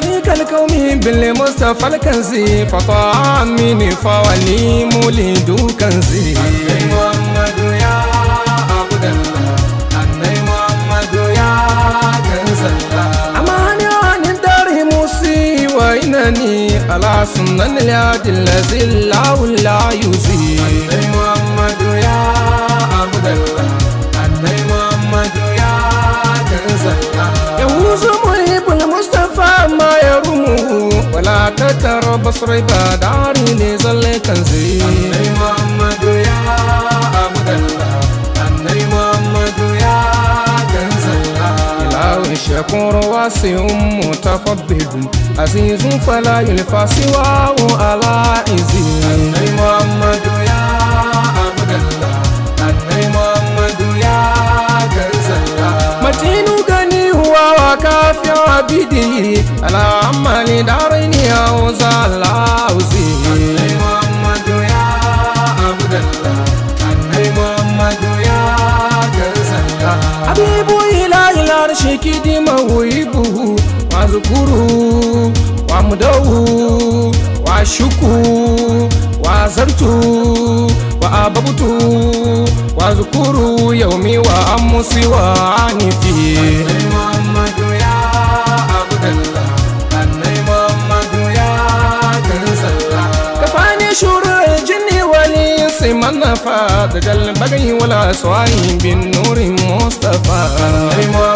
طريق الكون بالمصطفى الكنزي عميني فولي مولد كنزي أني محمد العدل الذي لا يزيد tattara basrai ba dari ne zalle kan zai annai muhammadu ya abdallah annai muhammadu ya ganzalla ilawun shakuru wasu ummu tafabbidu azizun fala yulfasiwa ala izi annai muhammadu shikidi mawibuhu wazukuru wa zukuru wa mudawu wa shuku wa zartu wa ababutu wa zukuru yaumi wa amusi wa anifi Manafa, the Jalbagi Annai Muhammadu ya garin sallah Kafani wala swani bin nurin Mustafa Annai Muhammadu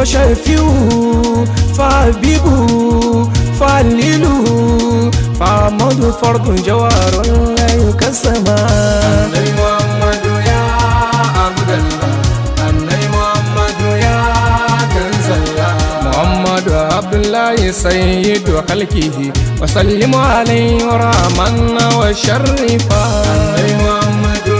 فشفيوه فحبيبوه فعللوه فعمدوا فرض جوار لا يكسما يا عبد الله يا كنز الله محمد عبد الله سيد خلقه وسلم عليه رحمنا وشرفا محمد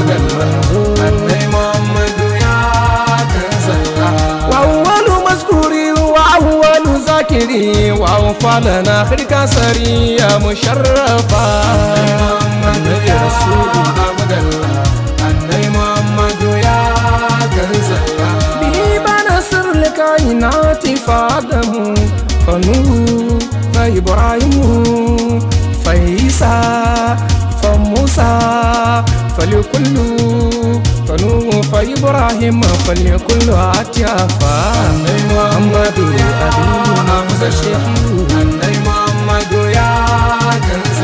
gudan manzo annai ya tansanta wa wa wa sari ya musharrafa muhammadu ya rasulu abdallah annai muhammadu ya garzaya bi bana sirrul kainati fadamu fa nuhu na ibrahimu فليكل فنوح فإبراهيم فليكل عتيافا أني محمد أبي حمزة الشيخ محمد يا كنز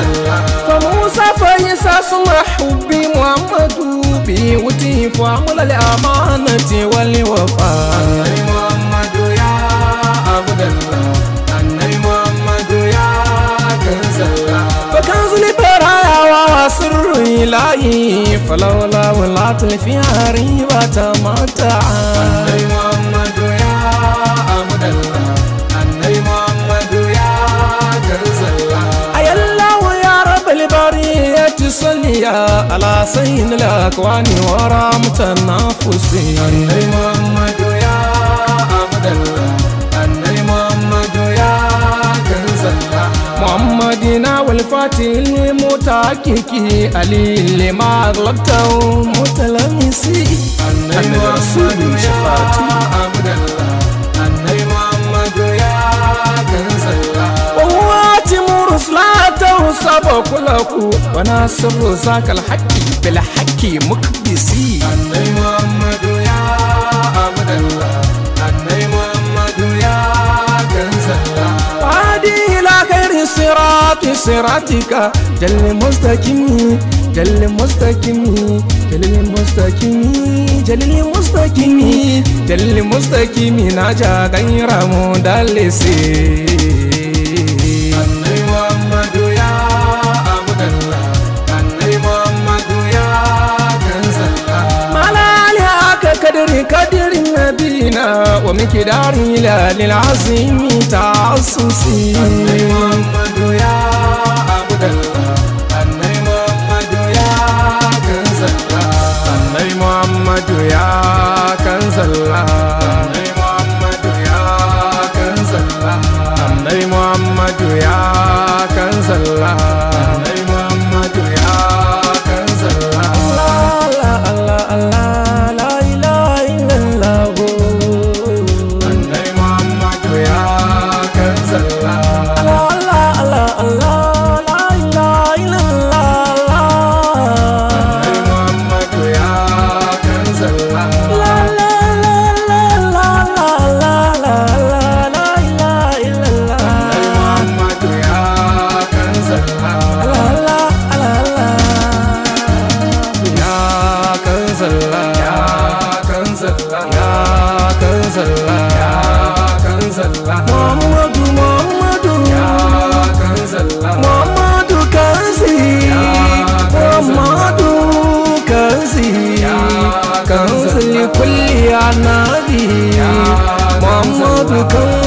فموسى فإيسى صلح حبي محمد بيوتي فعمل الأمانة واليوم فلولا والعطف في ريبة تمتع النبي محمد يا أمد الله النبي يا كرز الله أي الله يا رب البرية صلي على سين الأكوان ورا متنافسي النبي محمد يا أمد الله gina walfatin ne mota keke alile ma lockdown mota lamisi annaiwa su bin shafatu saba kula ku wana sirru zakal haƙƙi bil haƙƙi muka bisi annai sirati siratika jalle mustaqimi jalle mustaqimi jalle mustaqimi jalle mustaqimi jalle mustaqimi na ja gairamu dalisi. wa muke darila lil azimi ta susi Allah We will go.